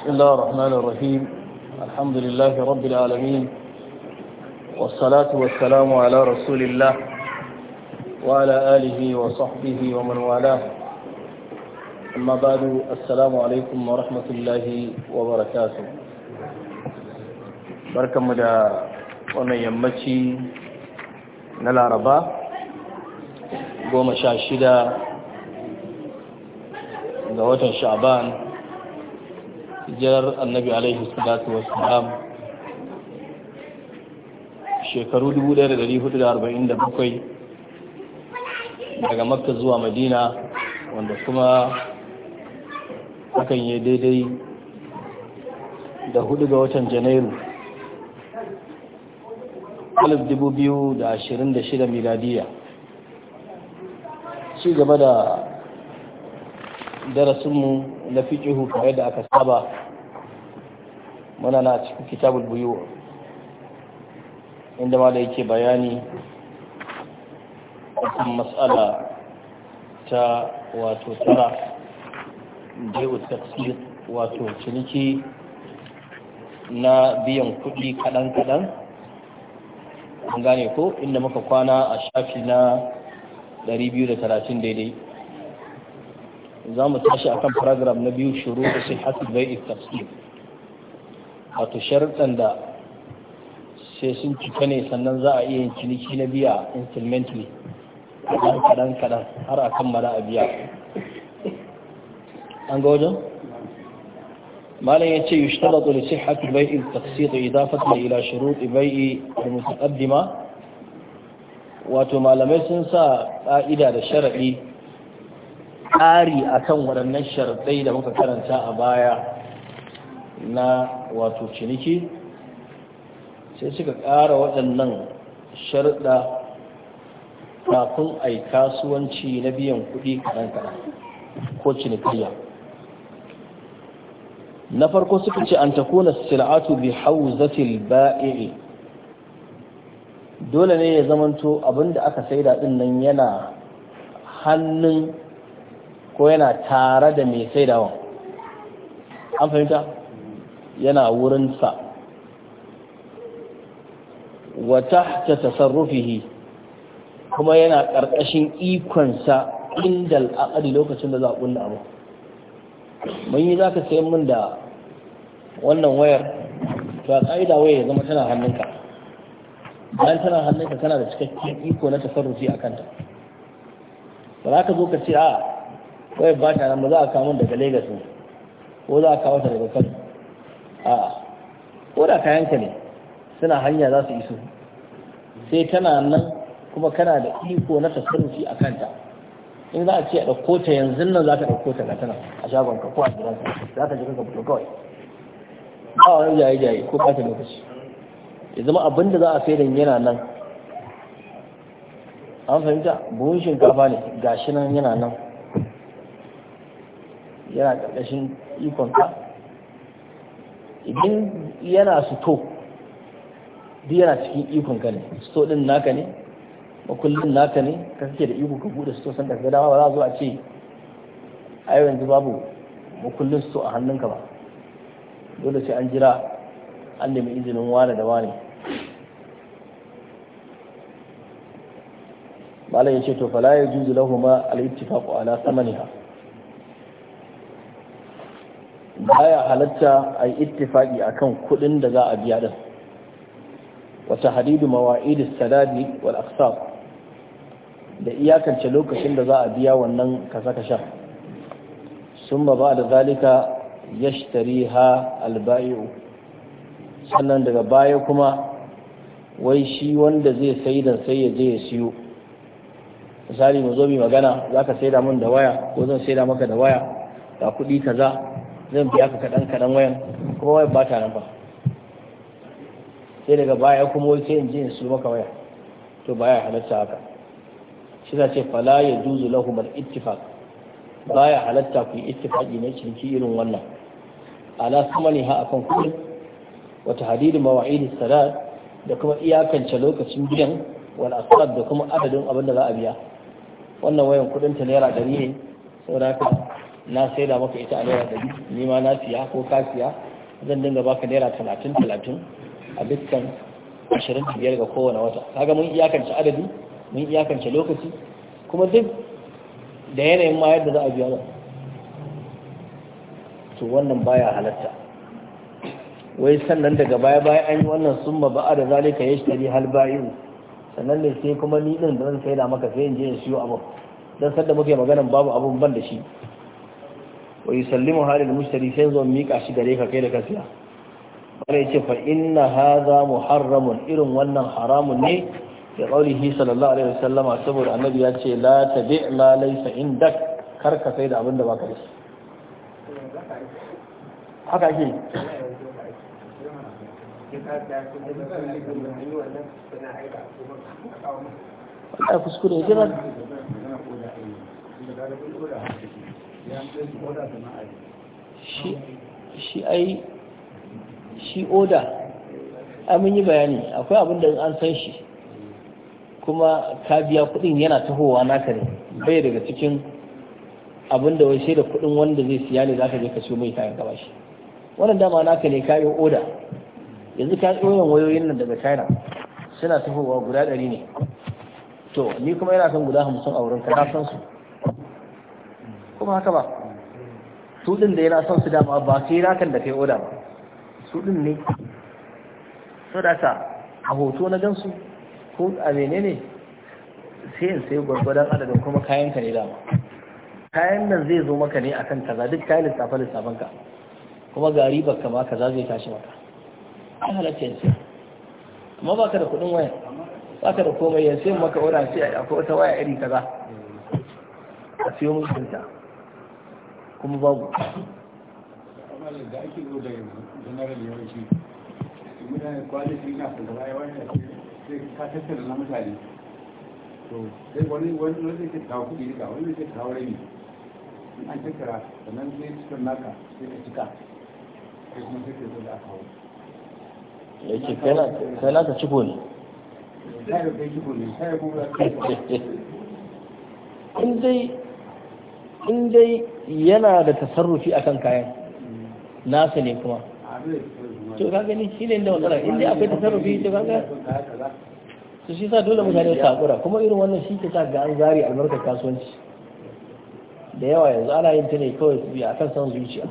بسم الله الرحمن الرحيم الحمد لله رب العالمين والصلاة والسلام على رسول الله وعلى آله وصحبه ومن والاه أما بعد السلام عليكم ورحمة الله وبركاته بركة مدى ومن yammaci نلا ربا goma sha shida ga hijirar annabi alaihi salatu wassalam shekaru 1447 daga makka zuwa madina wanda kuma hakan yi daidai da hudu ga watan janairu 2026 miladiya ci gaba da darasinmu na fiƙihu kamar da aka saba muna na cikin kitabul buyu inda ma da yake bayani kan matsala ta wato tara bai'u tafsir wato ciniki na biyan kuɗi kaɗan-kaɗan an gane ko inda muka kwana a shafi na 230 daidai za mu tashi akan paragraf na biyu shuru da sai hasi bai tafsir wato sharuɗan da sai sun cika ne sannan za a iya yin ciniki na biya instrumentally kadan kadan-kadan har a kammala a biya an ga wajen malam ya ce yushtaratu li sihhati bai'i at-taqsit idafatan ila shuru shurut bai'i al-mutaqaddima wato malamai sun sa ƙa'ida da sharaɗi ƙari a kan waɗannan sharaɗai da muka karanta a baya na wato ciniki sai suka ƙara waɗannan sharɗa kafin a yi kasuwanci na biyan kuɗi kaɗan-kaɗan ko cinikayya na farko suka ce an takuna sila'atu bi zafil ba'iri dole ne ya zamanto abinda aka saida daɗin nan yana hannun ko yana tare da mai saidawa an fahimta yana wurinsa wata ta tasarrufihi kuma yana ƙarƙashin ikonsa inda al'adi lokacin da za a ƙunna abu mun yi za ka sayan min da wannan wayar to a ƙa'ida waya ya zama tana hannunka bayan tana hannunka tana da cikakken iko na tasarrufi a kanta ba za ka zo ka ce a wai ba ta nan ba za a kawo daga Legas ne ko za a kawo ta daga Kano a ko da kayanka ne suna hanya za su iso sai tana nan kuma kana da iko na tasarrufi a kanta in za a ce a ɗauko ta yanzu nan za ka ɗauko ta nan a shagon ka ko a gidan ka za ka je ka fito kawai ba wani jaye jaye ko ba ta lokaci ya zama abin da za a sai yana nan an fahimta buhun shinkafa ne gashi nan yana nan yana ƙarƙashin ikonka idan yana suto duk yana cikin ikonka ne suto ɗin naka ne makullin naka ne ka kake da iko ka buɗe suto sanda ka dama ba za a zo a ce ai yanzu babu makullin suto a hannunka ba dole sai an jira an nemi izinin wane da wane malam ya ce to fala ya juzu lahuma al-ittifaqu ala samaniha baya halatta a yi a kan kuɗin da za a biya din wata hadidu mawa'idu sadadi wal aksar da iyakance lokacin da za a biya wannan kasa kasha sun ba da zalika ya ha albaiu sannan daga baya kuma wai shi wanda zai da sai ya je ya siyo misali mu zo mu magana zaka saida min da waya ko zan saida maka da waya ga kuɗi kaza zan biya ka kaɗan kaɗan wayan kuma wayan ba ta nan ba sai daga baya kuma wai in ji in su maka waya to baya halatta haka shi na ce fala ya juzu lahu mal ittifaq baya halatta ku yi ittifaqi ne ciniki irin wannan ala ne ha akan kuɗi wata hadidu mawa'idi salat da kuma iyakance lokacin biyan wal asad da kuma adadin abin da za a biya wannan wayan kuɗin ta naira ɗari ne saboda haka na sai da maka ita a naira ɗari ni ma na siya ko ka siya zan dinga baka naira talatin talatin a dukkan ashirin da biyar ga kowane wata kaga mun iyakance adadi mun iyakance lokaci kuma duk da yanayin ma yadda za a biya nan to wannan baya halatta wai sannan daga baya baya an yi wannan summa ba'a da zalika ya shi hal bayu sannan ne sai kuma ni din da zan sai da maka sai in je in siyo abu dan sadda muke maganan babu abun ban da shi Wai wa hali da mushtari sai zo miƙa shi gare ka kai da kasiya wala yace fa inna mu haramun irin wannan haramun ne da qaulihi sallallahu alaihi wasallam saboda annabi ya ce la tabi ma laysa dak, kar ka sai da abin da baka da shi haka ake Ai kuskure ya jira. shi ai shi oda amin yi bayani akwai abin da an san shi kuma ka biya kudin yana tahowa naka ne bai daga cikin abin da wai da kudin wanda zai siya ne zaka je ka siyo mai kayan gaba shi wannan dama naka ne ka yi oda yanzu ka tsoron wayoyin nan daga china suna tahowa guda ɗari ne to ni kuma yana son guda hamsin a wurin ka na san su kuma haka ba su din da yana son su dama ba su yi rakan da kai oda ba su din ne su da a hoto na gansu ko a menene sai in sai gwargwadon adadin kuma kayan ka ne dama kayan nan zai zo maka ne akan kaza duk kayan lissafa lissafan ka kuma gari baka ka ma kaza zai tashi maka an halatta yanzu amma baka da kuɗin waya baka da komai yanzu maka oda sai akwai wata waya iri kaza a siyo musu ta kuma babu wani naka da ya ce kai na ciko ne in dai yana da tasarrufi akan kayan nasa ne kuma to ka gani shi ne da matsala in dai akwai tasarrufi to kaga su shi sa dole mutane su hakura kuma irin wannan shi ke sa ga an zari albarkar kasuwanci da yawa yanzu ana yin ta ne kawai su biya akan san zuciya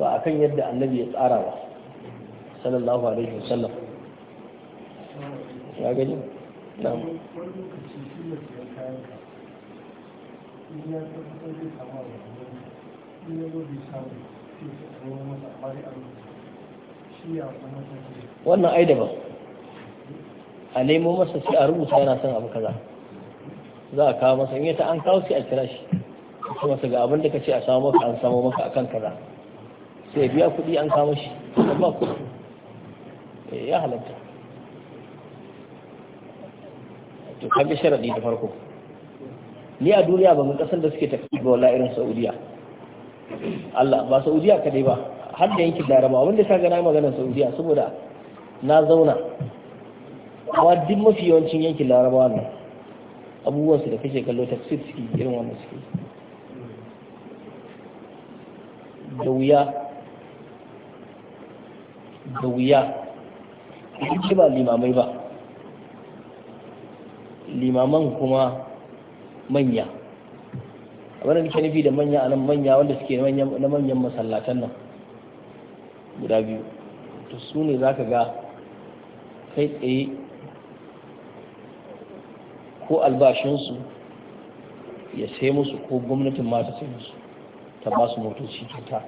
ba akan yadda annabi ya tsara ba sallallahu alaihi wasallam ya gani wannan ai daban a nemo masa sai a rubuta yana son abu kaza za a kawo masa in an kawo sai a kira shi kuma su ga abin da ka ce a samu maka an samu maka akan kaza sai biya kuɗi an kawo shi amma kuɗi eh, ya halatta to kan bi sharaɗi da farko ni a duniya ba mun kasar da suke tafi ba wala irin saudiya Allah ba saudiya kadai ba har da yankin daraba wanda ka gana magana saudiya saboda na zauna kuma duk mafi yawancin yankin laraba ne, abubuwan su da kake kallo tafsir suke irin wannan suke da wuya da wuya ba limamai ba limaman kuma manya abin da nake nufi da manya a nan manya wanda suke na manyan masallatan nan guda biyu to su ne za ka ga kai tsaye ko albashinsu ya sai musu ko gwamnatin ma ta sai musu ta ba su motoci kyauta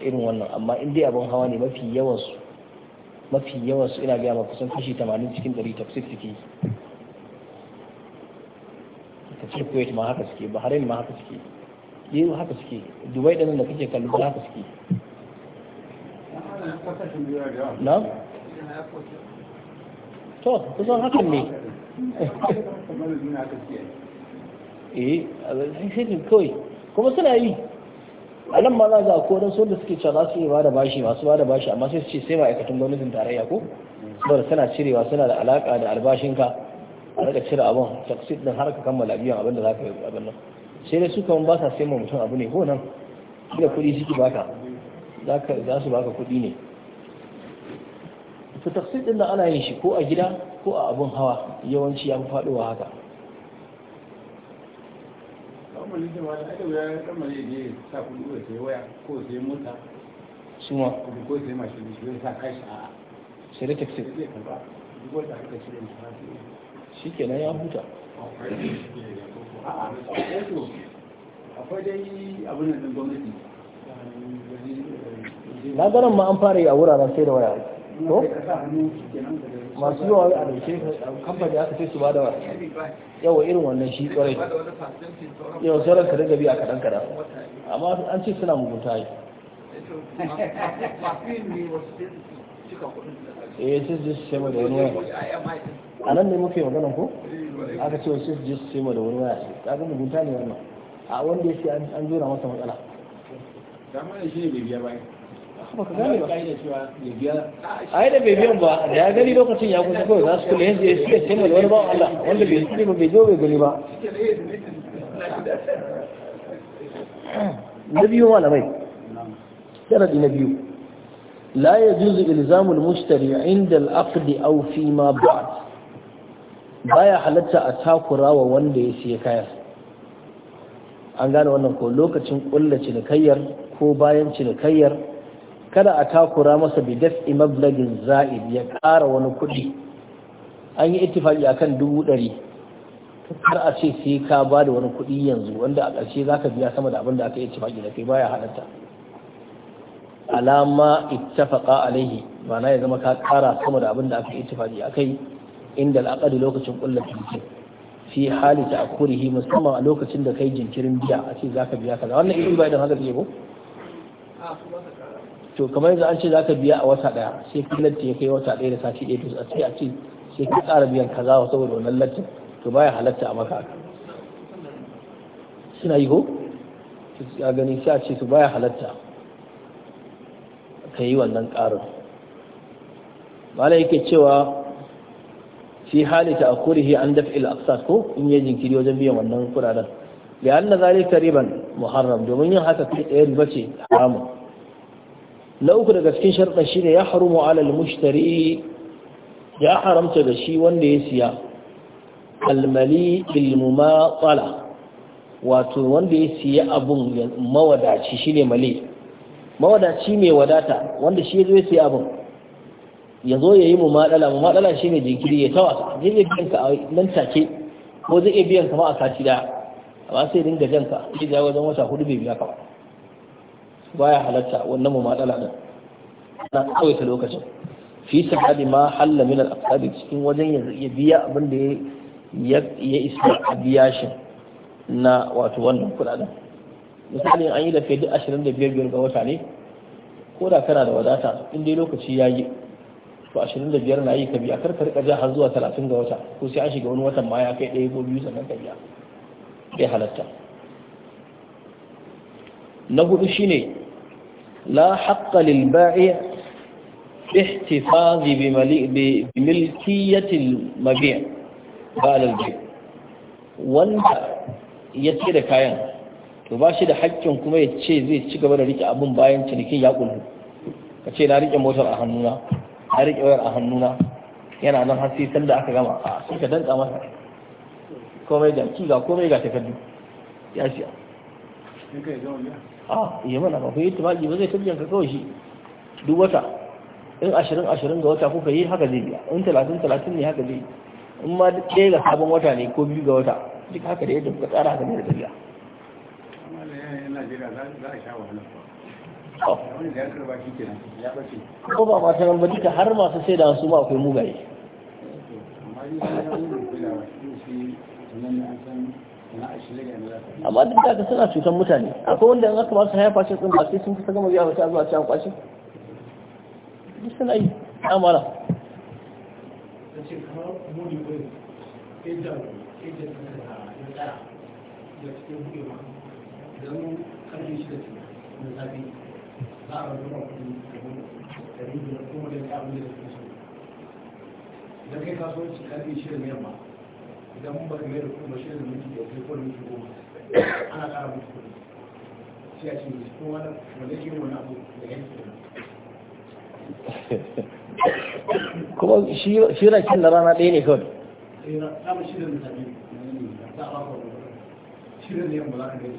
irin wannan amma in dai abin hawa ne mafi yawansu mafi yawansu ina gaya ma kusan kashi 80 cikin 100 ke suke ka ce kuwait ma haka suke bahrain ma haka suke yi haka suke dubai ɗin da kake kallo haka suke na to kusan hakan ne eh sai kawai kuma suna yi a nan ma za ga ko dan da suke cewa za su yi bada bashi masu bada bashi amma sai su ce sai ma'aikatan gwamnatin tarayya ko saboda suna cirewa suna da alaka da albashinka a daga cire abin taksi din har ka kammala biyan abin da za ka yi abin nan sai dai su kan ba sa sai ma mutum abu ne ko nan da kuɗi suke baka za su baka kuɗi ne to taksi din nan ana yin shi ko a gida ko a abin hawa yawanci ya fi faɗowa haka suma ko sai mashin shi sa kashi a sai da taksit shi kenan ya huta na garin ma an fara yi a wuraren sai da waya ko masu yawa a ɗauke kamfani aka ce su ba da wa yawa irin wannan shi tsorai. yawa tsoron ka daga biya kaɗan kaɗan amma an ce suna mugunta yi eh sai je su da a nan ne muke magana aka ce wani waya mugunta ne a wanda yake an jura masa matsala shi ne bai biya ba gane ba ai da bai biyan da ya gani lokacin ya kusa kawai za su kula yanzu ya suke sai da wani ba Allah wanda bai ba bai zo bai gani ba na biyu malamai sharadi na biyu لا يجوز إلزام المشتري عند الأقد أو فيما بعد baya halatta a takura wa wanda ya siya kaya an gane wannan ko lokacin ƙulla cinikayyar ko bayan cinikayyar kada a takura masa bi daf'i mablagin za'id ya kara wani kuɗi an yi ittifaki akan dubu ɗari har a ce sai ka bada wani kuɗi yanzu wanda a ƙarshe za ka biya sama da abin da aka yi ittifaki da kai baya halatta alama ittafaqa alaihi ma'ana ya zama ka kara sama da abin da aka ittifaqi akai inda al'aqadi lokacin kullu tinki fi hali ta akurihi musamman a lokacin da kai jinkirin biya a ce zaka biya kaza wannan idan ba idan haka ne ko to kamar yanzu an ce zaka biya a wata daya sai kullanta ya kai wata daya da sati ɗaya to sai a ce sai ka tsara biyan kaza saboda wannan latti to baya halatta a maka suna yi ko ya gani sai a ce to baya halatta ka yi wannan ƙarin malai yake cewa fi halita a kurihi an ila aksas ko in yi jinkiri wajen biyan wannan kudaden da an na zalika riban muharram domin yin haka kai ɗaya riba ce haramun na uku daga cikin sharɗin shine ya harumu alal mushtari ya haramta da shi wanda ya siya almali ilmuma tsala wato wanda ya siya abun mawadaci shine mali mawadaci mai wadata wanda shi zai sai abin ya zo ya yi mu maɗala mu maɗala shi ne jinkiri ya tawa zai iya biyan ka a nan take ko zai iya biyan ka ma a sati daya amma sai dinga jan ka zai ja wajen wata hudu bai biya ka ba baya halatta wannan mu maɗala din na ta lokacin fi hadi ma halla min al cikin wajen ya biya abin da ya isa a biya shi na wato wannan kudaden misali an yi da duk ashirin da biyar biyar ga wata ne ko da kana da wadata in dai lokaci ya yi to ashirin da biyar na yi ka biya karkar ka har zuwa talatin ga wata ko sai an shiga wani watan ma ya kai ɗaya ko biyu sannan ka biya bai halatta na hudu shine la haqqa lil ba'i ihtifazi bi milkiyatil mabi' ba wanda ya ce da kayan to ba shi da haƙƙin kuma ya ce zai ci gaba da rike abin bayan cinikin ya kullu ka ce na rike motar a hannuna na rike wayar a hannuna yana nan har sai sanda aka gama a sai ka danka masa komai da ki ga komai ga takardu ya siya a iya mana ba ku yi tumaki ba zai tabbiyan ka kawai shi duk wata in ashirin ashirin ga wata kuka yi haka zai biya in talatin talatin ne haka zai in ma ɗaya ga sabon wata ne ko biyu ga wata duk haka da yadda kuka tsara haka ne da biya ko ba ma sanar ba duka har masu sai da su ma akwai mugaye amma duk da ka suna cutar mutane akwai wanda in aka ba su haifa cikin ba sai sun fi gama biya wata zuwa can kwashe duk suna yi amara Thank you. da kai kasuwanci karfe shirin yamma idan mun baka mai da kuma shirin minti da kai kwan minti goma ana kara mutu kudi sai a wani wanda ke wani abu da yanki kuma kin na rana ɗaya ne kawai shirin da shirin yamma za ka gani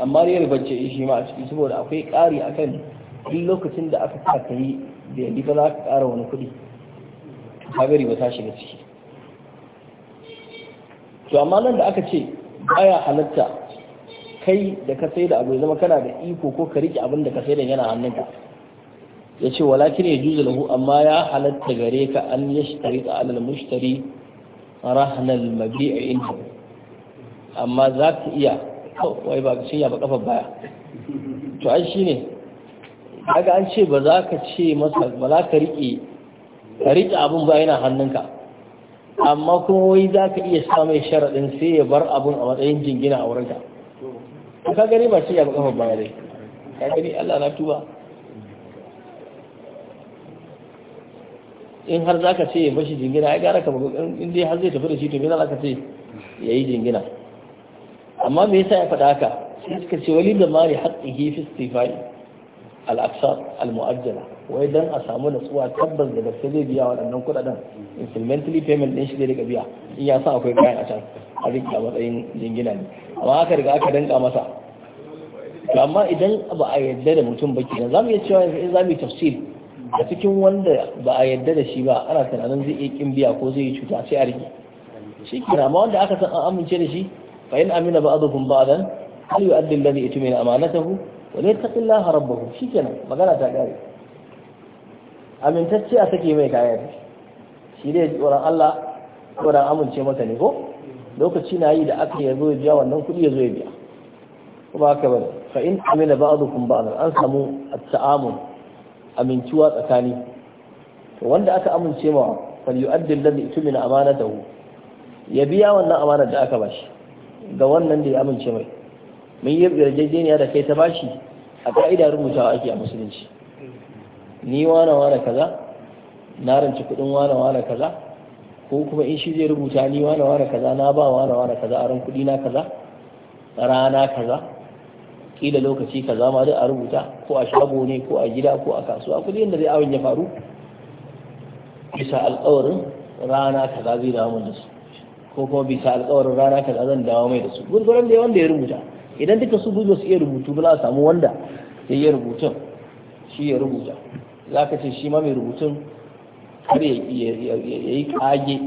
amma ya ribance shi ma a ciki saboda akwai ƙari kan duk lokacin da aka sa yi da yanzu ba za ka ƙara wani kuɗi kaga ba ta shiga ciki to amma nan da aka ce baya halatta kai da ka sai da abu zama kana da iko ko ka rike abin da ka sai da yana hannunka ya ce walakin ya juzu lahu amma ya halatta gare ka an yashtari ta alal mushtari rahnal mabi'i inda amma za ka iya wai ba sai ya ba kafar baya to ai shine kaga an ce ba za ka ce masa ba za ka riƙe ka riƙe abin ba yana hannunka amma kuma wai za ka iya sa mai sharaɗin sai ya bar abin a matsayin jingina a wurinka To ka gani ba ce ya ba kafar baya dai ka gani Allah na tuba in har za ka ce ya bashi jingina ya gara ka ba in dai har zai tafi da shi to me za ka ce ya yi jingina amma me yasa ya faɗa haka sai suka ce wali da mari haqqihi fi istifai al-aqsar al-mu'ajjala wai dan a samu natsuwa tabbas da gaske zai biya waɗannan kuɗaɗen instrumentally payment din shi zai riga biya in ya sa akwai kayan a can a a matsayin jingina ne amma aka riga aka danka masa to amma idan ba a yadda da mutum ba kenan zamu iya cewa in zamu yi tafsir a cikin wanda ba a yadda da shi ba ana tunanin zai iya kin biya ko zai yi cuta sai a riƙe. shi kira amma wanda aka san an amince da shi فإن أمن بعضكم بعضا فليؤدي الذي اؤتمن أمانته وليتق الله ربه شكنا magana ta kare amintacce a sake mai kaya shi dai tsoron Allah tsoron amince masa ne ko lokaci na yi da aka ya zo ya biya wannan kuɗi ya ya biya kuma haka bane fa in amina ba'dukum ba'dan an samu at-ta'amun tsakani to wanda aka amince mawa ya biya wannan amanar da aka bashi ga wannan da ya amince mai mun yi yarjejeniya da kai ta bashi a ka'ida rubutawa ake a musulunci ni wana wana kaza na ranci kudin wana wana kaza ko kuma in shi zai rubuta ni wana wana kaza na ba wana wana kaza a ran kudi na kaza rana kaza kila lokaci kaza ma duk a rubuta ko a shago ne ko a gida ko a kasuwa kudi yadda zai awon ya faru bisa alƙawarin rana kaza zai damu da su ko kuma bisa alƙawarin rana kaza zan dawo mai da su gurguran da wanda ya rubuta idan duka su biyu su iya rubutu ba za a samu wanda ya yi rubutun shi ya rubuta za ka ce shi ma mai rubutun har ya yi kage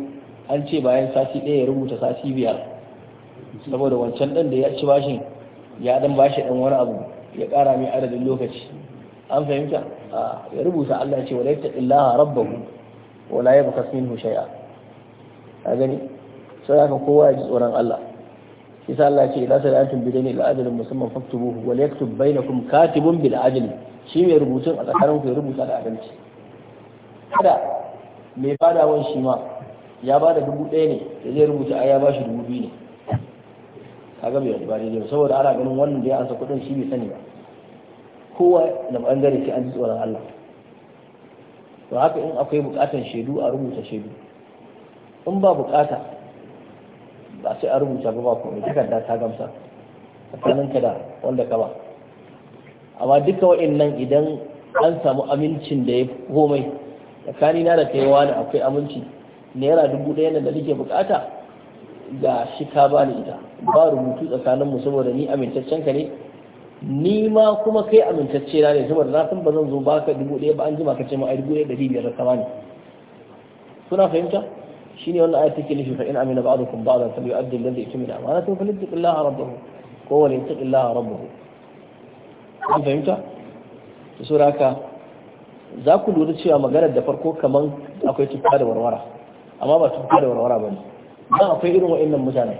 an ce bayan sati ɗaya ya rubuta sati biyar saboda wancan ɗan da ya ci bashin ya ɗan bashi ɗan wani abu ya ƙara mai adadin lokaci an fahimta ya rubuta Allah ce wala yattaqillaha rabbahu wala yabqas minhu shay'a a gani sai haka kowa ya ji tsoron Allah shi sa Allah ce lasa sa'antum bi dani al-ajl musamman faktubuhu wa yaktub bainakum katibun bil ajl shi mai rubutun a tsakanin ku ya rubuta da adalci kada mai wani shi ma ya ba da dubu ɗaya ne da zai rubuta a ya ba shi dubu biyu ne kaga bai ba daidai saboda ana ganin wannan da ya ansa kuɗin shi bai sani ba kowa da bangare sai an ji tsoron Allah to haka in akwai bukatan shaidu a rubuta shaidu in ba bukata ba sai a rubuta ba ba ne takarda ta gamsa ka da wanda ka ba amma duka wa'annan idan an samu amincin da ya komai tsakanina da kai wani akwai aminci naira dubu ɗaya da nake bukata ga shi ka ba ni ita ba rubutu tsakaninmu saboda ni amintaccen ka ne ni ma kuma kai amintacce na ne saboda na san ba zan zo baka dubu ɗaya ba an jima ka ce ma ai dubu ɗaya ɗari biyar da kama ne kuna fahimta shine wannan ayat take nufi fa in amina ba'dukum ba'dan falyu'addi alladhi tumina amanatu falyattaqillaha rabbahu ko wal yattaqillaha rabbahu kun fahimta to sura haka za ku lura cewa maganar da farko kaman akwai tufka da warwara amma ba tufka da warwara ba ne dan akwai irin wa'annan mutanen.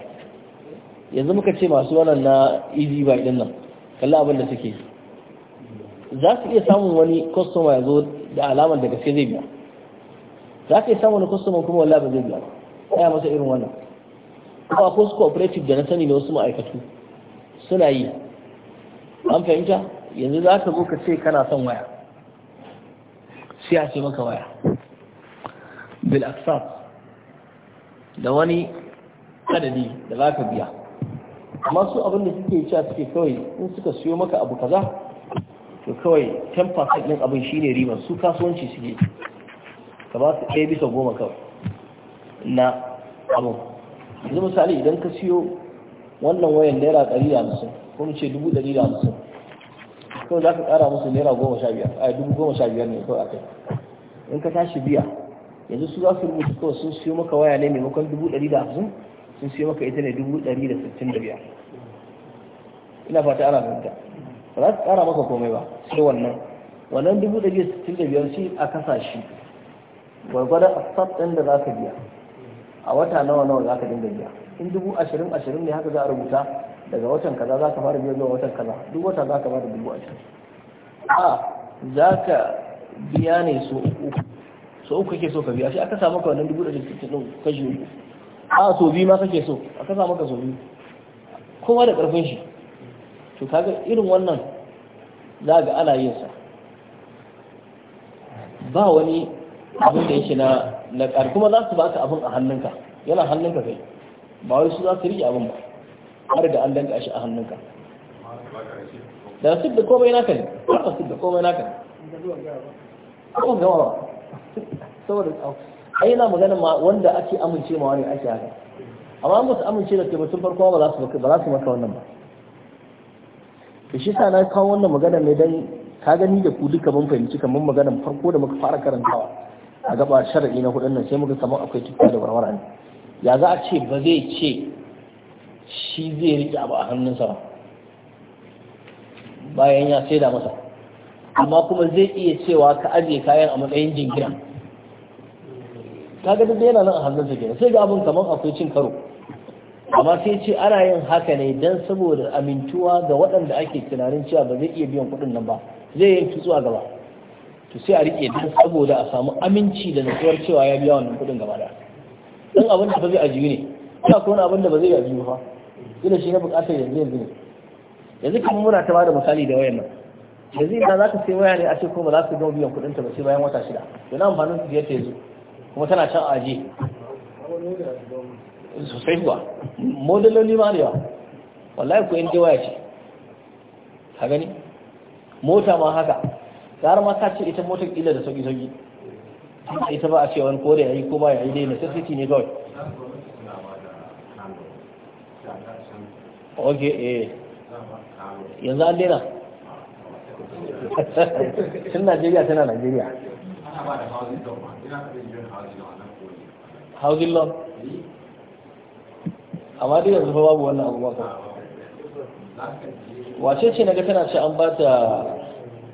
yanzu muka ce masu wannan na easy Ba din nan kalla abin da suke za su iya samun wani customer ya zo da alamar da gaske zai biya za ka yi samun kwastoman kuma wallahi ba zai biya ba ya masa irin wannan kuma ko su cooperative da na sani na wasu ma'aikatu suna yi an fahimta yanzu za ka zo ka ce kana son waya sai a ce maka waya bil aksat da wani adadi da za ka biya amma su abin da suke cewa suke kawai in suka siyo maka abu kaza to kawai 10% ɗin abin shine riba su kasuwanci suke ka ba su ɗaya bisa goma kawai na abu yanzu misali idan ka siyo wannan wayan naira ɗari da hamsin ko mu ce dubu ɗari da hamsin kawai za ka ƙara musu naira goma sha biyar a dubu goma sha biyar ne kawai a kai in ka tashi biya yanzu su za su rubuta kawai sun siyo maka waya ne maimakon dubu ɗari da hamsin sun siyo maka ita ne dubu ɗari da sittin da biyar ina fata ana fahimta ba za su ƙara maka komai ba sai wannan wannan dubu ɗari da sittin da biyar shi a kasa shi a asab ɗin da za ka biya a wata nawa nawa za ka dinga biya in dubu ashirin ashirin ne haka za a rubuta daga watan kaza za ka fara biya zuwa watan kaza duk wata za ka fara dubu ashirin a za ka biya ne so uku so uku kake so ka biya shi aka samu ka wannan dubu ɗari sittin kashi uku a so biyu ma kake so aka samu ka so biyu kowa da ƙarfin shi to kaga irin wannan za ga ana yin sa ba wani abin da yake na ƙar kuma za su ba ka abin a hannunka yana hannunka kai ba wai su za su rike abin ba har da an danka shi a hannunka da su da komai naka ne ba su da komai naka ne ko gama ba saboda ai na magana ma wanda ake amince ma wani ake haka amma an musu amince da kai sun farko ba za su ba za su maka wannan ba to shi sa na kawo wannan magana ne dan ka gani da ku duka mun fahimci kamar maganar farko da muka fara karantawa a gaba shar'i na hudun nan sai muka samu akwai tuka da warwara ne ya za a ce ba zai ce shi zai rike abu a hannunsa ba bayan ya da masa amma kuma zai iya cewa ka ajiye kayan a matsayin jingira ta gada yana nan a hannunsa ke sai ga abin kamar akwai cin karo amma sai ce ana yin haka ne don saboda amintuwa ga waɗanda ake tunanin cewa ba zai iya biyan kuɗin nan ba zai yi tutsu gaba to sai a rike duk saboda a samu aminci da nutsuwar cewa ya biya wannan kudin gaba da dan abin da ba zai ajiyu ne ina ko wani abin da ba zai ajiyu ba dole shi na bukatar yanzu yanzu ne yanzu kuma muna ta bada misali da wayan nan yanzu ina za ka sai waya ne a ce ko ba za su gama biyan kudin ta ba sai bayan wata shida na amfanin su biyar ta yanzu kuma tana can aje sosai kuwa modeloli ma ne ba wallahi ko in waya ce ka gani mota ma haka gara ma ka ce ita motar kila da sauki sauki ita ba a ce wani ko da yayi ko ba yayi dai necessity ne kawai oke eh yanzu an daina tun najeriya tana najeriya housing loan amma dai yanzu fa babu wannan abubuwa ba wace ce na ga tana ce an ba ta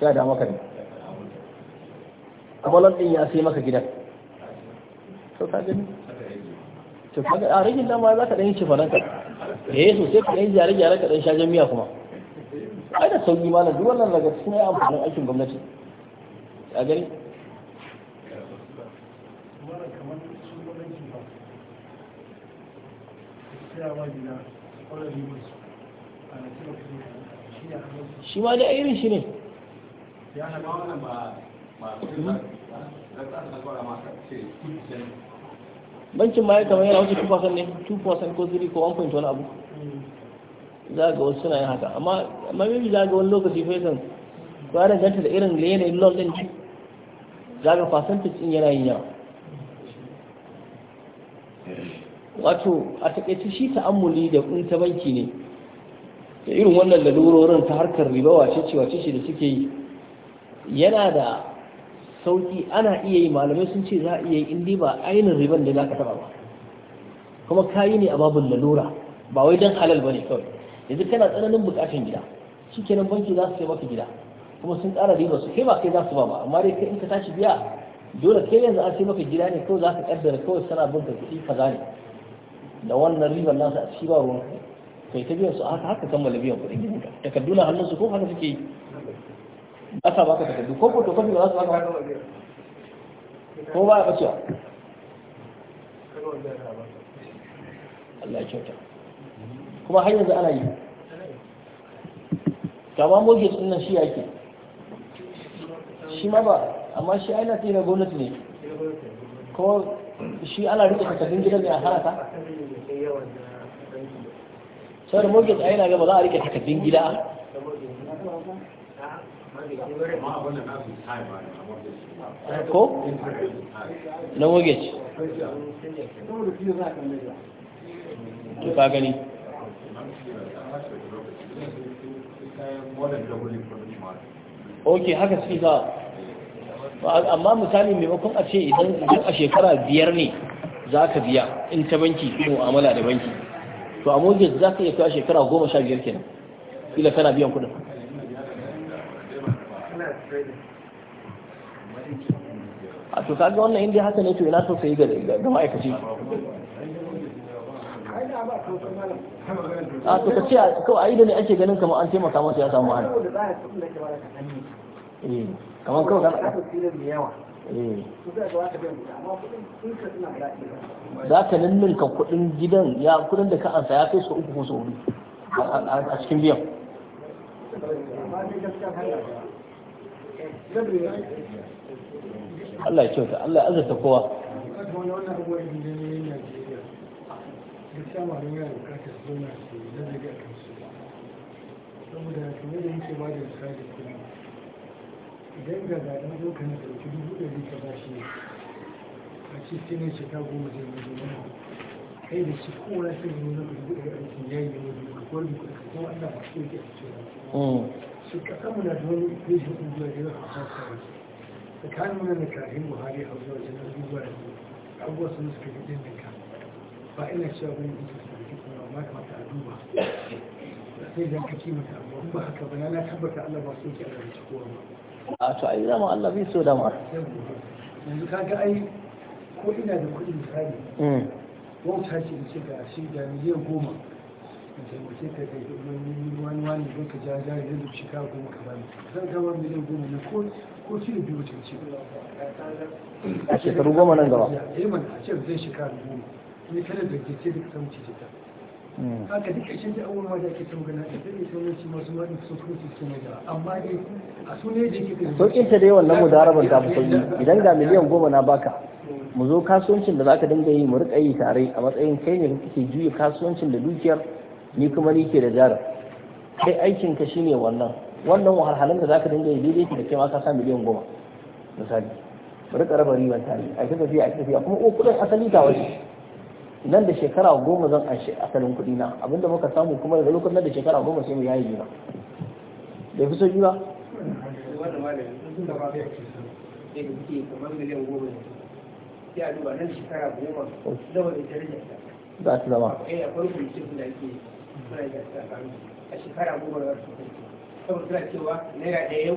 sai da maka ne abu lardin ya sai maka gidan to ka gani to a rikin dama za ka ɗan yi cifanan da ya eh, sosai ka ɗan gyare gyare ka ɗan sha jami'a kuma ai da sauƙi ma na duk wannan daga cikin ya amfani aikin gwamnati a gani Yeah, why do you not? What are you doing? shi ma da irin shi ne bankin ma ya kamar yana wuce 2% ne 2% ko 3 ko 1.1 abu za ga wasu suna yin haka amma amma maybe za ga wani lokaci fesan ko ya danganta da irin yanayin lol din za ga percentage din yana yin yawa wato a takaice shi ta'ammuli da in ta banki ne da irin wannan lalurorin ta harkar riba wacece wacece da suke yi yana da sauki ana iya yi malamai sun ce za a iya yi in ba ainihin riban da za ka taba ba kuma ka yi ne a babin lalura ba wai don halal ba ne kawai yanzu kana tsananin bukatan gida shi kenan banki za su sai maka gida kuma sun ƙara riba su kai ba kai za su ba ba amma dai kai in ka tashi biya dole kai yanzu a sai maka gida ne kawai za ka kaddara kawai sana bin ka kuɗi kaza ne da wannan riban nasu a ciki ba ruwan kai kai ta biyan su haka haka kammala biyan kuɗin gidanka takardu na hannun su ko haka suke yi ba sa baka takardu ko foto kofi ba za su haka ko ba a bacewa Allah ya kyauta kuma har yanzu ana yi kama mortgage ɗin nan shi yake shi ma ba amma shi aina ta yi na gwamnati ne ko shi ana rike takardun gidan ne a harata sai mortgage a yana gaba za a rike takardun gida ko na mortgage to ka gani ok haka suke za amma misali maimakon a ce idan a shekara biyar ne za ka biya in ta banki ko amala da banki to a mortgage za ka iya kawo shekara goma sha biyar kenan ila kana biyan kuɗin a to kaga wannan inda haka ne to ina so sai ga ga ma'aikaci a to ka ce kawai a ido ne ake ganin kamar an taimaka masa ya samu hannu eh, kamar kawai kana Eh. za ka ninninka kudin gidan ya kudin da ka ansa ya kai su uku ko su hudu a cikin biyan Allah ya kyauta Allah ya azurta kowa saboda kamar da yake ba da misali kuma idan ga zaɗin zo ka na ɗauki dubu ɗari ka ba shi a ce sai na shekara goma zai mai zama kai da shi kowa sai ne na dubu yayi ne mai dubu ko dubu ka Allah ba shi yake a cewa hmm. shi ka samu na da wani ikishin ɗin zuwa yau a sassa tsakanin mana da kafin buhari a zuwa janar duba da abubuwa sun suka fi da ka ba ina cewa wani ikishin da ke kuma ba kamata a duba sai da ka kimanta ba haka ba na tabbata Allah ba su yake da rarrace kowa ba a to ai zama Allah bai so dama yanzu kaga ai ko ina da kuɗi misali hmm. wauta ce in ce ga shi da miliyan goma ka taimake ka kai wani wani zai ka ja jari yanzu shika goma ka bani zan gama miliyan goma ne ko ko shi da biyu ta ce a shekaru goma nan gaba eh mana a ce zai shika goma ne kada da ke ce da ka samu ce ta haka duka shi da abubuwa da ke tungana da sai sauransu masu wani su kusa su mai da amma dai a su ne da ke sauƙin ta dai wannan mudarabar ta fi sauƙi idan ga miliyan goma na baka mu zo kasuwancin da za ka dinga yi mu riƙa yi tare a matsayin kai ne kake juya kasuwancin da dukiyar ni kuma ni ke da jarin kai aikin ka shine wannan wannan wahalhalun da za ka dinga yi daidai ke da kai ma ka sa miliyan goma misali mu riƙa raba riban tare a ta tafiya a ta tafiya kuma o kuɗin asali ta waje nan da shekara goma zan ashe asalin kuɗi na abinda muka samu kuma da lokacin nan da shekara goma sai mu yayi juna bai fi so juna? za ta zama a shekara goma za su saboda cewa naira ɗaya yau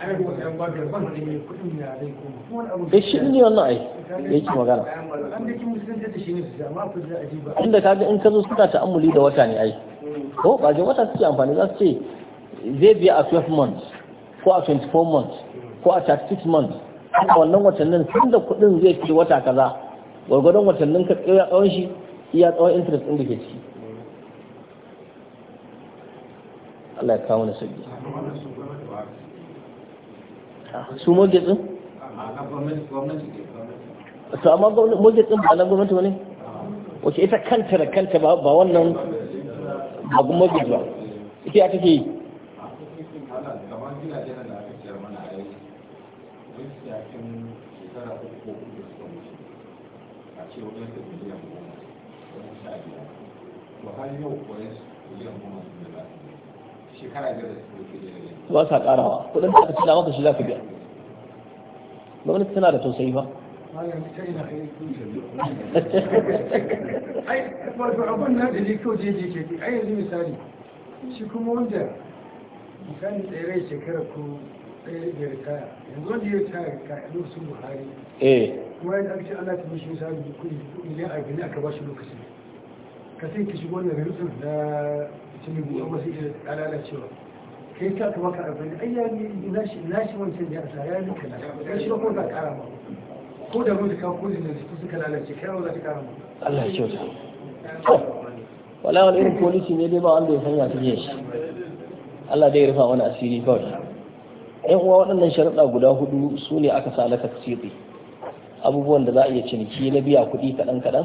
da eh, shi ne wannan ai yake magana inda ka ga in ka zo suna ta'ammuli da wata ne ai ko ba jin wata suke amfani za su ce zai biya a 12 months ko a 24 months ko a 36 months a wannan watannin sun da kuɗin zai fi wata kaza gwargwadon watannin ka tsaya tsawon shi iya tsawon interest ɗin da ke ciki Allah ya kawo na sauki. su mortgage din to amma mortgage din ba na gwamnati ne wace ita kanta da kanta ba wannan ba mortgage ba ita ya take yi yau miliyan goma ba sa karawa kudin da aka tuna maka shi za ka biya gwamnati tana da tausayi ba ai wato abin na da ne kawai jeje ke ai yanzu misali shi kuma wanda misali tsere shekara ko tsaye da ritaya yanzu wanda ya ritaya ka lokacin buhari kuma yadda aka ce ana ta mishi misali kudi miliyan arba'in aka ba shi lokacin ka sai ka shigo wannan rutsun na tinubu yan wasu irin ƙalala cewa kai ta kuma ka alfani ai ya yi nashi nashi wancan da asa ya duka na kai shi ko za ka kara ma ko da mutu ka ko da su suka lalace kai za ta kara ma Allah ya kyauta wala wani irin polisi ne dai ba wanda ya sanya ta shi Allah dai ya rufa wani asiri kawai yan uwa waɗannan sharuɗa guda hudu su ne aka sa na tafsiri abubuwan da za a iya ciniki na biya kuɗi kaɗan-kaɗan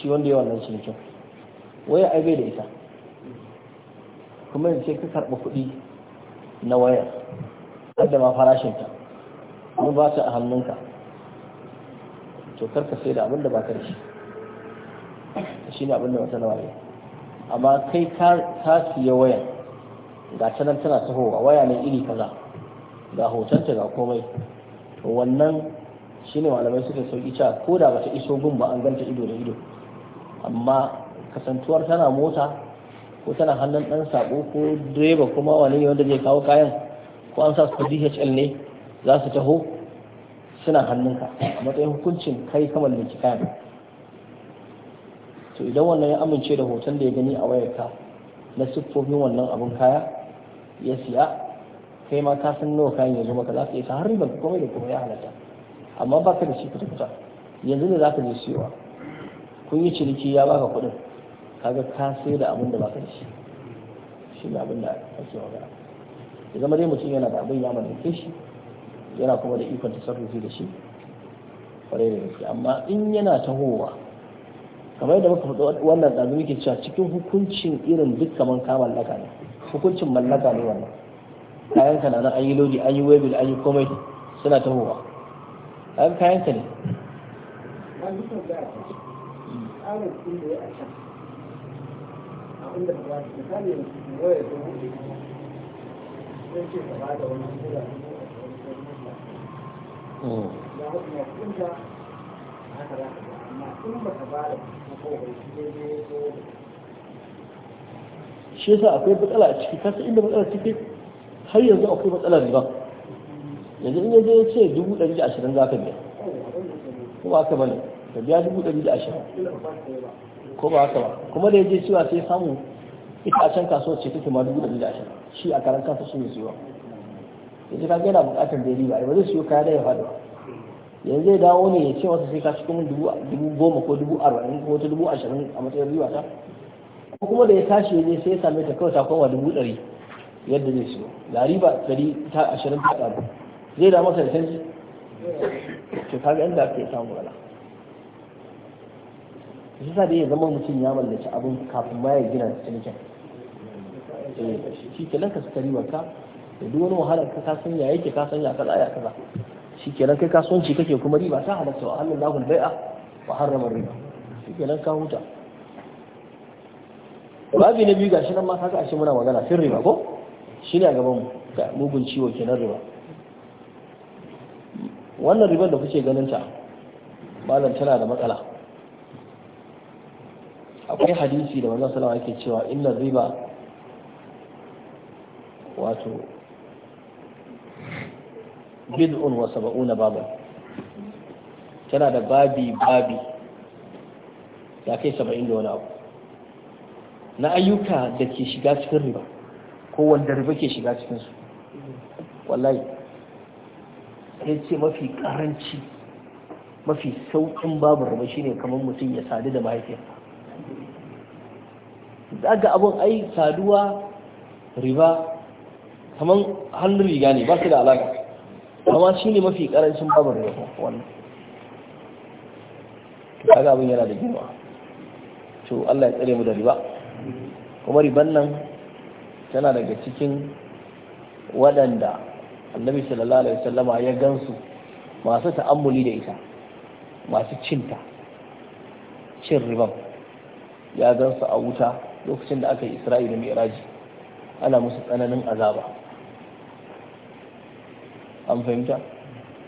shi wanda ya wannan cinikin waya ai bai da ita kuma yanzu sai ka karɓi kuɗi na wayar har da ma farashinta kuma ba ta a hannunka to karka sai da abin da ba ka da shi shi ne abin da wata nawa amma kai ka siya waya ga ta nan tana tahowa waya ne iri kaza ga hotonta ga komai to wannan ne malamai suka sauki cewa ko da bata iso gun ba an ganta ido da ido amma kasantuwar tana mota ko tana hannun ɗan sako ko direba kuma wani ne wanda zai kawo kayan ko an sa su DHL ne za su taho suna hannunka a matsayin hukuncin kai kama mallaki kayan to idan wannan ya amince da hoton da ya gani a wayarka na siffofin wannan abin kaya ya siya kai ma ka nawa kayan yanzu maka za ka iya har ribar komai da komai ya halatta amma ba ka da shi kuta yanzu ne za ka je siyowa kun yi ciniki ya baka kuɗin kaga ka sai da abin da baka da shi shi ne abin da ake magana ya zama dai mutum yana da abin ya mallake shi yana kuma da ikon tasarrufi da shi kwarai da gaske amma in yana tahowa kamar yadda muka faɗo wannan da muke cewa cikin hukuncin irin duk kamar ka mallaka ne hukuncin mallaka ne wannan kayan ka na nan an yi lodi an yi webil an yi komai suna tahowa kayan ka ne tsarin ba da ya a can abin da ba yanzu ba da wani ce ba da wani da ya haka za ka ba amma in ba ba da shi ko shi yasa akwai matsala a ciki kasa inda matsala ciki har yanzu akwai matsala ba yanzu in yanzu ya ce dubu ɗari da ashirin za ka biya kuma haka bane ka biya dubu ɗari da ashirin ko ba haka ba kuma da ya je cewa sai samu ita a can kasuwar ce take ma dubu ɗari da ashirin shi a karan kansa shi ne siyowa ya ce kaga yana buƙatar da ya riba ba zai siyo kaya da ya faɗi ba yanzu zai dawo ne ya ce masa sai ka cikin dubu goma ko dubu arba'in ko ta dubu ashirin a matsayin riba ta kuma da ya tashi ya je sai ya same ta kawai ta koma dubu ɗari yadda zai siyo ga riba ɗari ta ashirin ta ɗaru zai da masa da canji to kaga inda ake samu wala shi sa da ya zama mutum ya mallaci abin kafin ma ya gina cinikin eh, shi kenan ka suka riwar ka da duk wani wahalar ka kasan ya yake ka ya kaza ya kaza shi kenan kai kasuwanci kake kuma riba ta halatta wa Allah lahul bai'a wa harrama riba shi kenan ka huta babi na biyu gashi nan ma haka ashe muna magana fin riba ko shi ne a gaban mu ga mugun ciwo kenan riba wannan ribar da kuke ganin ta malam tana da matsala akwai hadisi da wannan salawa yake cewa inna riba wato bid'un wa saba'una babu tana da babi babi ya kai saba'in da wani abu na ayyuka da ke shiga cikin riba ko wanda riba ke shiga cikinsu wallahi sai ce mafi karanci mafi sauƙin babu riba shine kamar mutum ya sadu da mahaifiyarsa daga abun ai saduwa riba kaman hannun riga ne ba su da alaka amma shi ne mafi karancin babar riba wannan daga abin yana da girma to Allah ya tsare mu da riba kuma riban nan tana daga cikin waɗanda annabi sallallahu alaihi wasallama ya gansu masu ta'ammuli da ita masu cinta cin riban ya gansu a wuta lokacin da aka yi isra'ila mai mi'raji ana musu tsananin azaba an fahimta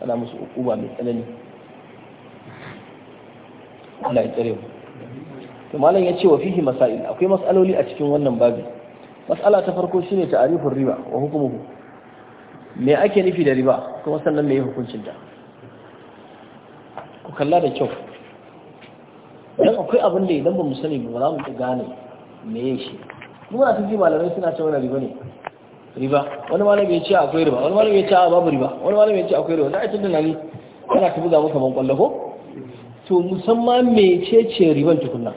ana musu ukuba mai tsanani Allah ya tsare mu to malam ya ce wa fihi masail akwai mas'aloli a cikin wannan babi mas'ala ta farko shine ta'arifin riba wa hukumuhu me ake nufi da riba kuma sannan me hukuncin ta ku kalla da kyau dan akwai abin da idan ba mu sani ba za mu gane me shi muna ta tafi malamai suna cewa riba ne riba wani malami ya ce akwai riba wani malami ya ce babu riba wani malami ya ce akwai riba na aiki da nani ana ta buga maka ban kwallo ko to musamman ce riban tukunna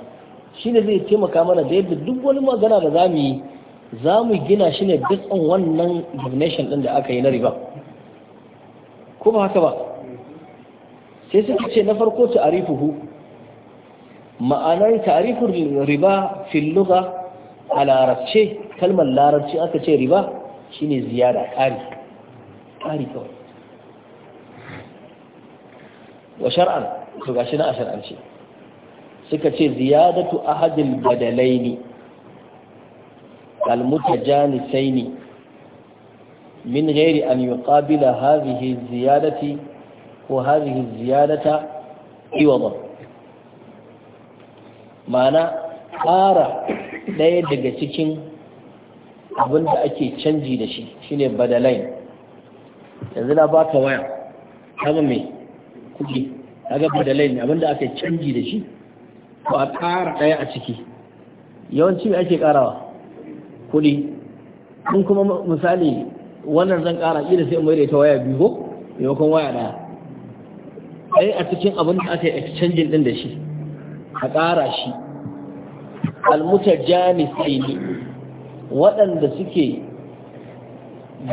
shine zai taimaka mana da yadda duk wani magana da zamu yi zamu gina shi ne duk an wannan definition din da aka yi na riba ko ba haka ba sai suka ce na farko ta arifuhu ma'anar tarifin riba fil lugha a larabce kalmar larabci aka ce riba shine ziyara ƙari ƙari kawai wa shar'an to shi na a shar'ance suka ce ziyadatu ahadil badalaini المتجانسين من غير أن يقابل هذه الزيادة وهذه iwa ba. ma'ana ƙara ɗaya daga cikin abin da ake canji da shi shine badalain yanzu na ka waya kama mai kuɗi kaga badalain abin da ake canji da shi ba a ƙara ɗaya a ciki yawanci mai ake ƙarawa kuɗi in kuma misali wannan zan ƙara ƙila sai mai da ita waya biyu ko maimakon waya ɗaya ɗaya a cikin abin da aka yi exchanging ɗin da shi a ƙara shi almutajamisai ne waɗanda suke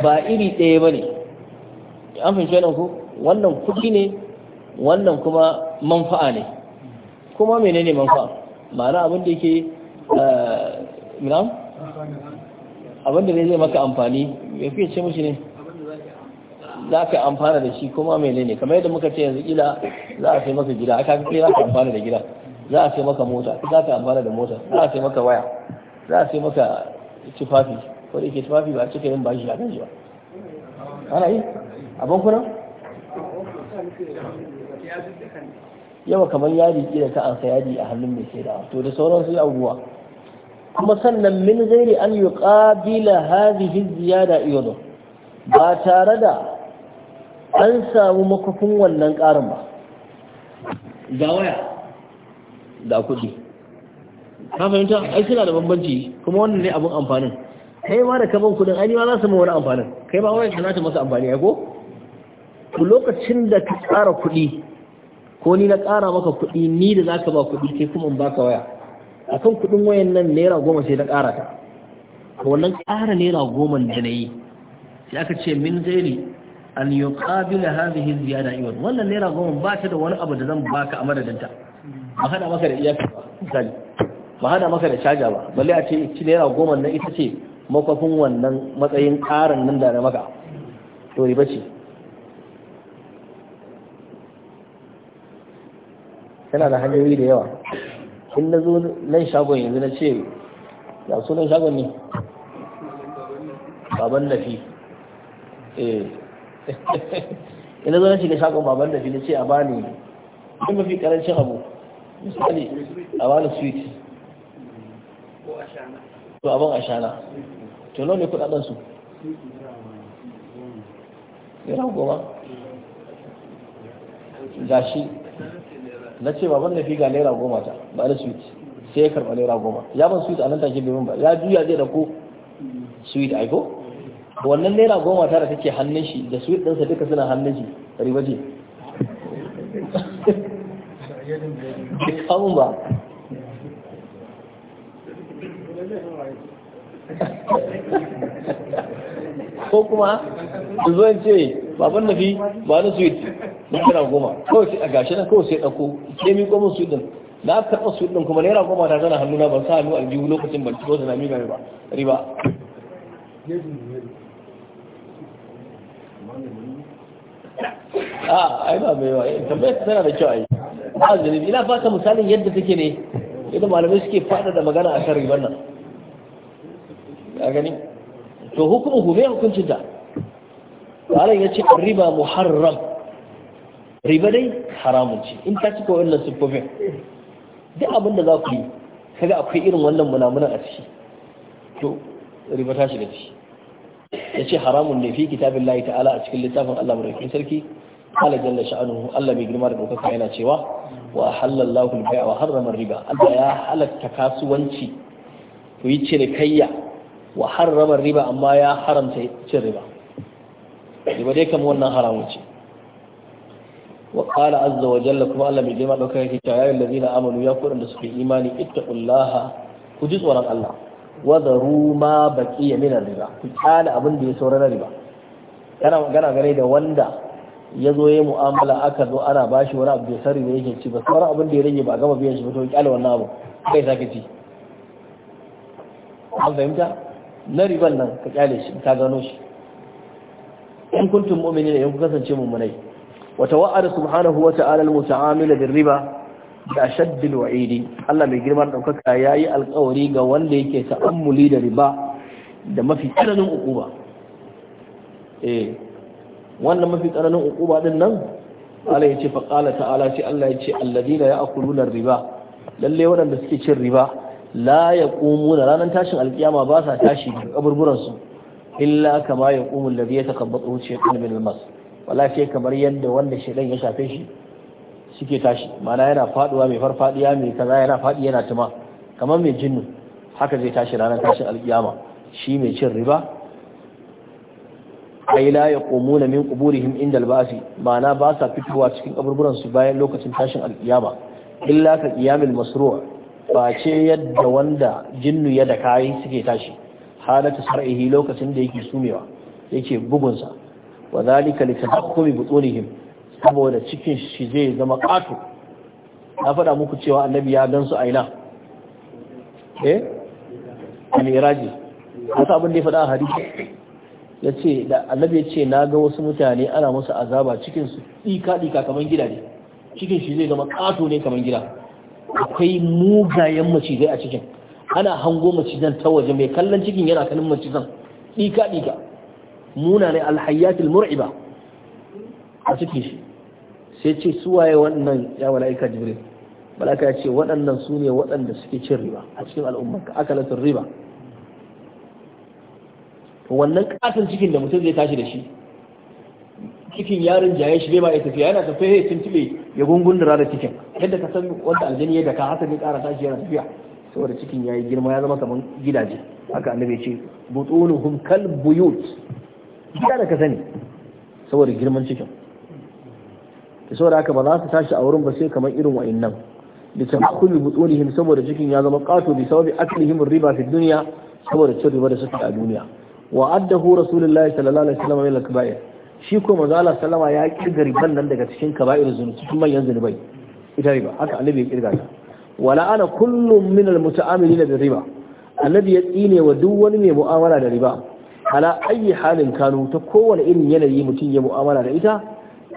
ba iri ɗaya ba ne an fi shi ku wannan kuɗi ne wannan kuma manfa'a ne kuma menene manfa'a ma'ana abin da yake eh, abinda abin da zai maka amfani ya fiye ce mashi ne za ka amfana da shi kuma menene kamar yadda muka ce yanzu gida za a fi maka gida aka kai za ka amfana da gida za a sai maka mota za ka amfana da mota za a sai maka waya za a sai maka tufafi ko da ke tufafi ba a cika yin bashi a kan ba ana yi a bankuna yawa kamar yadi kira ka an yadi a hannun mai saidawa to da sauran su abubuwa kuma sannan min gairi an yi ƙabila hadhihi ziyada iyadu ba tare da an samu makofin wannan ƙarin ba ga waya da kuɗi ka fahimta ai suna da bambanci kuma wannan ne abun amfanin kai ma da ban kuɗin ai ma za su ma wani amfanin kai ma wani kana ta masa amfani ai ko ku lokacin da ka tsara kuɗi ko ni na ƙara maka kuɗi ni da zaka ba kuɗi kai kuma in baka waya akan kuɗin wayan nan naira goma sai na ƙara ta wannan ƙara naira goma da na yi sai aka ce min ne. an yi ƙabila hazihin ziyada iwan wannan naira goma ba ta da wani abu da zan baka a madadinta ba hana maka da iyaka ba ba hana maka da caja ba balle a ce ci naira goma na ita ce makwafin wannan matsayin ƙarin nan da na maka to riba ce tana da hanyoyi da yawa in na zo nan shagon yanzu na ce ya sunan shagon ne baban lafi eh ina zo na shiga shagon baban da fili ce a bani duk mafi karancin abu misali a bani sweet to abin ashana to nau ne kudaden su naira goma gashi na ce baban da fi ga naira goma ta ba da sweet sai ya karɓa naira goma ya ban sweet a nan take bai min ba ya juya zai da ko sweet aiko wannan naira goma tara take hannun shi da suwit ɗinsa duka suna hannun shi riba ce ba ko kuma su zo ce baban nafi ba na suwit na naira goma kawai a gashi na kawai sai ɗauko kemi goma suwit ɗin na karɓa suwit ɗin kuma naira goma ta zana hannuna ban sa hannu aljihu lokacin ban ko da na miga ba riba a ah, ai ba mai yawa eh, tambayar tana da kyau ai ba zunubi ina baka misalin yadda take ne yadda malamai suke fada da magana a kan ribar nan a gani to hukumu hume hukuncin ta Malam ya ce riba muharram riba dai haramun ce in ta cika wannan siffofin duk abin da za ku yi kaga akwai irin wannan munamunan a ciki to riba ta shiga ciki ya ce haramun ne fi kitabin layi ta'ala a cikin littafin Allah mai sarki Kala jalla sha'anuhu Allah mai girma da ɗaukaka yana cewa wa halallahu al-bai'a wa harrama riba Allah ya halatta kasuwanci ku yi cinikayya wa harrama riba amma ya haramta cin riba riba dai kamar wannan haramun ce وقال عز وجل كما الله بيجمع لك يا الذين امنوا يا قوم da suke imani ittaqullaha ku ji tsoron Allah wadaru ma ya nuna riba ku kyala abin da ya saura na riba kana magana gare da wanda ya zo ya mu'amala aka zo ana bashi wani abu da sari ne yake ci ba sauran abin da ya rage ba gama biyan shi ba to kyala wannan abu kai sake ci an fahimta na riban nan ka kyale shi ka gano shi in kuntum mu'minina in kun kasance mu'minai wa tawa'ada subhanahu wa ta'ala al-muta'amila bir riba da shaddil wa'idi Allah mai girman ya yayi alƙawari ga wanda yake ta'ammuli da riba da mafi tsananin ukuba eh wannan mafi tsananin ukuba din nan Allah ya ce fa qala ta'ala ce Allah ya ce alladina ya'kuluna riba lalle waɗanda suke cin riba la yaqumuna ranar tashin alkiyama ba sa tashi ga kaburburan su illa kama yaqumu alladhi yatakabbathu shaytan min al-mas wala kamar yadda wanda shaytan ya shafe shi suke tashi mana yana faduwa mai farfadiya mai kaza yana fadi yana tuma kamar mai jinnu haka zai tashi ranar tashin alkiyama shi mai cin riba ai la yaqumuna min quburihim inda basi mana ba sa fitowa cikin kaburburan su bayan lokacin tashin alkiyama illa ka qiyamil masru' ba ce yadda wanda jinnu ya da kayi suke tashi halatu sar'ihi lokacin da yake sumewa yake bugunsa wa zalika litahkumi butunihim saboda cikin shi zai zama ƙato na faɗa muku cewa annabi ya gan su aina eh an iraji wasu abin da ya faɗa a hadisi ya ce da annabi ya ce na ga wasu mutane ana musu azaba cikin su ɗika ɗika kamar gida ne cikin shi zai zama ƙato ne kamar gida akwai mugayen macizai a cikin ana hango macizan ta waje mai kallon cikin yana kanin macizan ɗika ɗika muna ne alhayyatul mur'iba a cikin shi sai ce suwaye wannan ya mala'ika jibril mala'ika ya ce waɗannan su ne waɗanda suke cin riba a cikin al'ummar ka aka lasar riba wannan kasan cikin da mutum zai tashi da shi cikin yarin jaye shi bai ma ya tafiya yana tafiya ya tuntube ya gungundura da cikin yadda ka san wanda aljani ya ka haka ne ƙara tashi yana tafiya saboda cikin ya yi girma ya zama kamar gidaje haka annabi ce butunuhum kal buyut gida da ka sani saboda girman cikin saboda haka ba za su tashi a wurin ba sai kamar irin wa'annan da tamakuli butunihim saboda cikin ya zama kato bi sababi aklihim riba fi duniya saboda cin riba da suke a duniya wa addahu rasulullahi sallallahu alaihi wasallam ila kaba'ir shi ko manzo Allah sallama ya kirga riban nan daga cikin kaba'ir zunubi zunubai ita riba haka annabi ya kirga ta wala ana kullum min al muta'amilina bi riba annabi ya tsine wa duk wani mai mu'amala da riba ala ayi halin kanu ta kowane irin yanayi mutum ya mu'amala da ita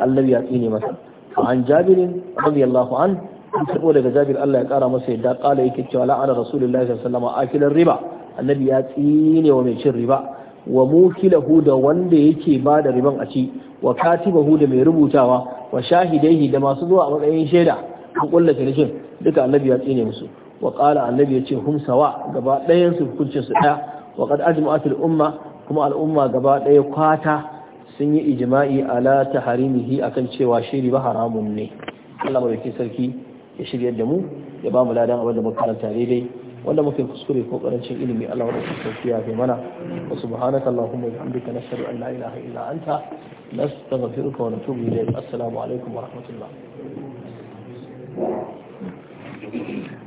Allah ya tsine masa an jabirin radiyallahu an an daga jabir Allah ya kara masa yadda kala yake cewa la'ana rasulullahi sallallahu alaihi wasallam akilan riba annabi ya tsine wa mai cin riba wa mukilahu da wanda yake ba da riban a ci wa katibahu da mai rubutawa wa shahidaihi da masu zuwa a matsayin shaida an kulla cinikin duka annabi ya tsine musu wa kala annabi ya ce humsawa gaba ɗayan su hukuncin su ɗaya wa qad ajma'at al-umma kuma al'umma gaba ɗaya kwata sun yi ijma'i ala a kan cewa shiri ba haramun ne Allah madaukakin sarki ya shirya da mu ya ba mu ladan abin da muka karanta daidai wanda muke kuskure ko karancin ilimi Allah madaukakin sarki ya fi mana wa subhanaka allahumma wa bihamdika nashhadu an la ilaha illa anta nastaghfiruka wa natubu ilayk assalamu alaikum wa rahmatullah